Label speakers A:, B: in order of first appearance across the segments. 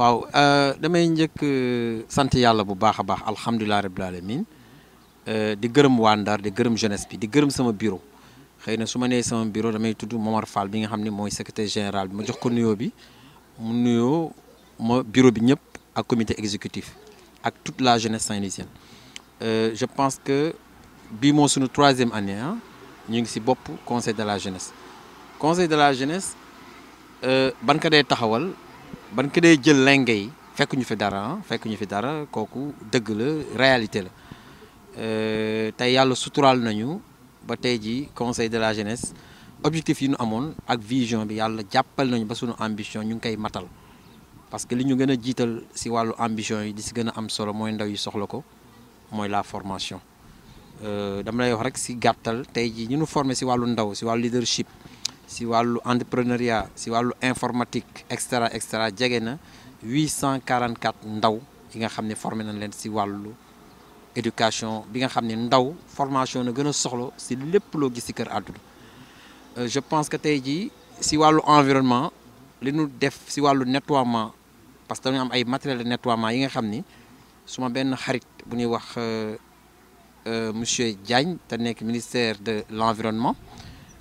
A: waaw euh, damay njëkk euh, sant yàlla bu baax a baax alhamdulilah rabbil alamin euh, di gërëm wandar di gërëm jeunesse bi di gërëm sama bureau xëy na su ma nee sama bureau damay tudd Momar Fall bi nga xam ne mooy secrétaire général bi ma jox ko nuyoo bi mu nuyoo ma bureau bi ñëpp ak comité exécutif ak toute la jeunesse saint-louisienne je pense que bii moo suñu troisième année ah ñu ngi si bopp conseil de la jeunesse conseil de la jeunesse ban ka day taxawal ban ki day jël lenge yi fekk ñu fi dara fekk ñu fi dara koku deug la réalité la euh, tay yalla sutural nañu ba tay ji conseil de la jeunesse objectif yi ñu amone ak vision bi yalla jappal nañu ba suñu ambition ñu ngi matal parce que li ñu gëna jital jiital si wàllu ambition yi di si gëna am solo moy ndaw yi soxla ko moy la formation euh, dama lay wax rek si gattal tay ji ñu nu formé si wàllu ndaw si walu leadership si entrepreneuriat si wàllu informatique etc. cetera et 844 ndaw yi nga xamné formé nañ len si walu éducation bi nga xamné ndaw formation na gëna soxlo si lépp lo gis ci kër àdduna euh, je pense que tay ji si walu environnement li nu def si walu nettoiement parce que dañu am ay matériel de nettoyage. yi nga xamné suma ben xarit bu ñuy wax euh, euh, monsieur Diagne ta nek ministère de l'environnement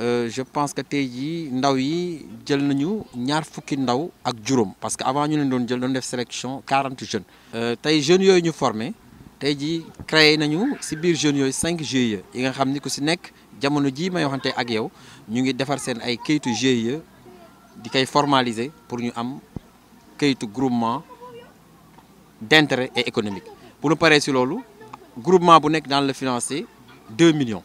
A: Euh, je pense que tey ndaw yi djel nañu ñaar fukki ndaw ak juróom parce que avant ñu leen doon djel doon def sélection 40 jeunes. Euh, tay jeunes yoy ñu formé tey jii créé nañu ci biir jeunes yoy 5 GIE yi nga xamni ku ci nek jamono ji may waxante ak yow ñu ngi défar sen ay kayitu GIE di kay formaliser pour ñu am kayitu groupement d'intérêt et économique. pour nu paree si lolu groupement bu nek dans le financier 2 millions.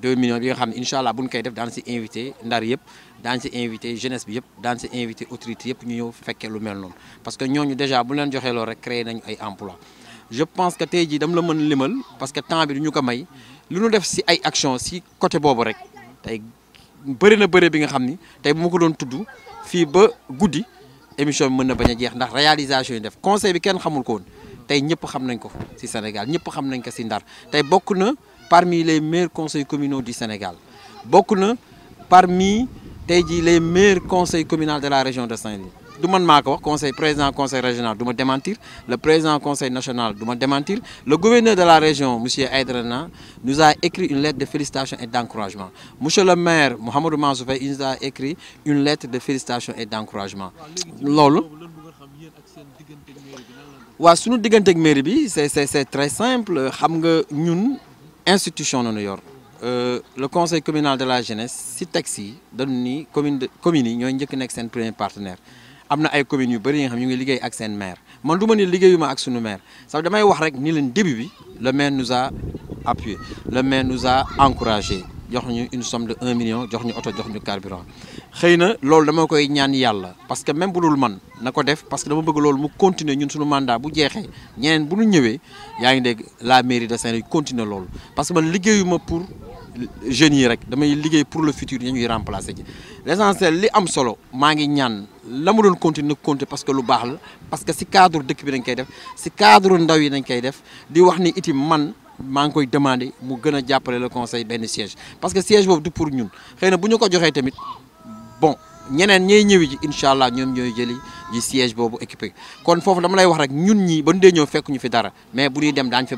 A: 2 millions bi nga xam ne incha koy def daan si invité ndar yëpp daan si invité jeunesse bi yëpp daan si invité autorité yëpp ñu ñëw fekkee lu mel noonu parce que ñooñu déjà bu leen joxee loolu rek créé nañu ay emploi je pense que tey jii dama la mën limal parce que temps bi du ñu ko may lu ñu def si ay action si côté boobu rek tey bëri na bëri bi nga xam ni tey bu ma ko tudd fii ba guddi émission bi mën na bañ jeex ndax réalisation yi def conseil bi kenn xamul ko woon tey ñëpp xam nañ ko ci Sénégal ñëpp xam nañ ko ci ndar tay bokku na parmi les meilleurs conseils communaux du Sénégal Beaucoup parmi les meilleurs conseils communaux de la région de Saint-Louis du man maa conseil président conseil régional du démentir le président du conseil national du démentir le gouverneur de la région M. Aydrana, nous a écrit une lettre de félicitations et d'encouragement monsieur le maire Mohamed Mansour nous a écrit une lettre de félicitations et d'encouragement c'est très simple xam institution York. Euh, le conseil communal de la jeunesse si texte yi dañu ni commune de communes yi ñooy premier partenaire am na ay communes yu bëri yi nga xam ñu ngi liggéey ak seen maire man du ma ni liggéeyuma ak sunu maire sax damay wax rek ni leen début bi le maire nous a appuyé le maire nous a encouragé jox ñu une somme de 1 million jox ñu auto, jox ñu carburant xëy na loolu dama koy ñaan yàlla parce que même bu dul man na ko def parce que dama bëgg loolu mu continuer ñun suñu mandat bu jeexee ñeneen bu ñu ñëwee yaa ngi dégg la mairie de Saint-Louis continuer loolu parce que man liggéeyuma pour jeunes yi rek damay liggéey pour le futur ñu ñuy remplacer ji l'essentiel li am solo maa ngi ñaan la mu doon continuer na continuer parce que lu baax la parce que si cadre dëkk bi dañ koy def si cadre ndaw yi dañ koy def di wax ni itam man maa ngi koy demandé mu gën a jàppale conseil benn siège parce que siège boobu du pour ñun xëy na bu ko joxee tamit bon ñeneen ñay ñewi ci inshallah ñom jëli siège nous équipé kon dama lay wax rek ñun ñi fekk ñu dara mais bu dem dañ fi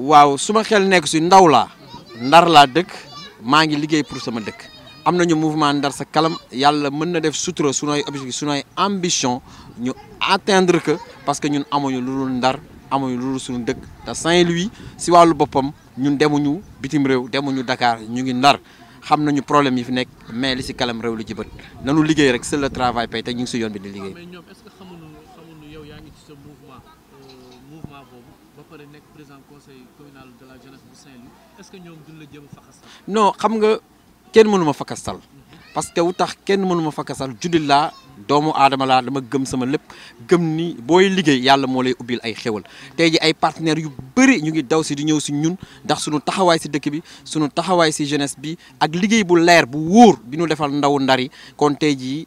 A: Nous lu xel ndaw pour sama dëkk mouvement ndar sa kalam yàlla mën def sutura sunooy objectif sunooy ambition ñu atteindre que parce que ñun amuñu lu dul ndar amuñu loolu suñu dëkk te Saint-Louis si wàllu boppam ñun demuñu bitim réew demuñu Dakar ñu ngi Ndar xam nañu problème yi fi nekk mais li si kalam réew lu ci bët nanu liggéey rek seul le travail paye ñu ngi si yoon bi di liggéey. mais ñoom est-ce que xamuñu xamuñu yow yaa euh, que ñoom a fakkastal. non xam nga kenn mënu ma fakkastal mhm. parce que wu tax kenn mënu ma fakkastal jullit laa doomu aadama laa dama gëm sama lépp gëm ni booy liggéey yàlla moo lay ubbil ay xewal tey ji ay partenaires yu bëri ñu ngi daw si di ñëw si ñun ndax suñu taxawaay si dëkk bi suñu taxawaay si jeunesse bi ak liggéey bu leer bu wóor bi ñu defal ndaw ndari kon tey jii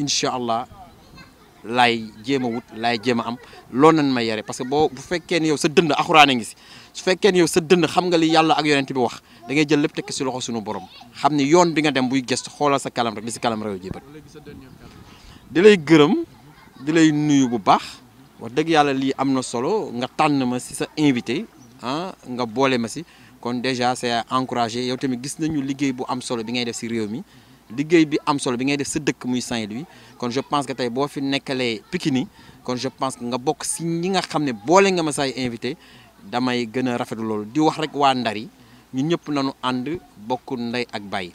A: incha allah laay jéem a wut laay jéem am loolu nañ ma yare parce que boo bu fekkee ne yow sa dënd axuraane ngi si su fekkee ne yow sa dënn xam nga li yàlla ak yonent bi wax dangay ngay jël lépp tekk si loxo suñu borom xam ni yoon bi nga dem buy gëstu xoolal sa kalam rek li si kalam rew jébat di lay gërëm di lay nuyu bu baax wax dëgg yàlla lii am na solo nga tànn ma si sa invité ah nga boole ma si kon déjà c'est encouragé yow tamit gis nañu liggéey bu am solo bi ngay def si réew mi liggéey bi am solo bi ngay def sa dëkk muy Saint-Louis kon je pense que tay bo fi nekkalee Pikini kon je pense que nga bok si ñi nga xam ne boole nga ma say invité damay gën a rafetlu di wax rek wa ndari ñun ñëpp nañu and bokku nday ak bay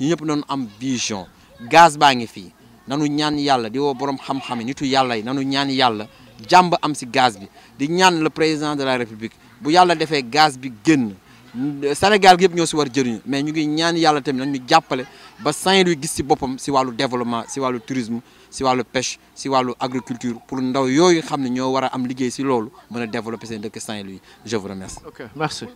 A: ñu ñëpp nañu am vision gaz baangi fi nañu ñaan yalla di wo borom xam-xam nitu yalla yi nanu ñaan yalla jàmb am si gaz bi di ñaan le président de la république bu yalla défé gaz bi génn Sénégal gi ñoo si war jëriñu mais ñu ngi ñaan Yalla tamit nañu ñu jàppale ba Saint-Louis gis ci bopam ci walu développement ci walu tourisme ci walu pêche ci walu agriculture pour ndaw yooyu xam ñoo wara am liggéey ci loolu mëna développer seen dëkk Saint-Louis je vous remercie. ok merci.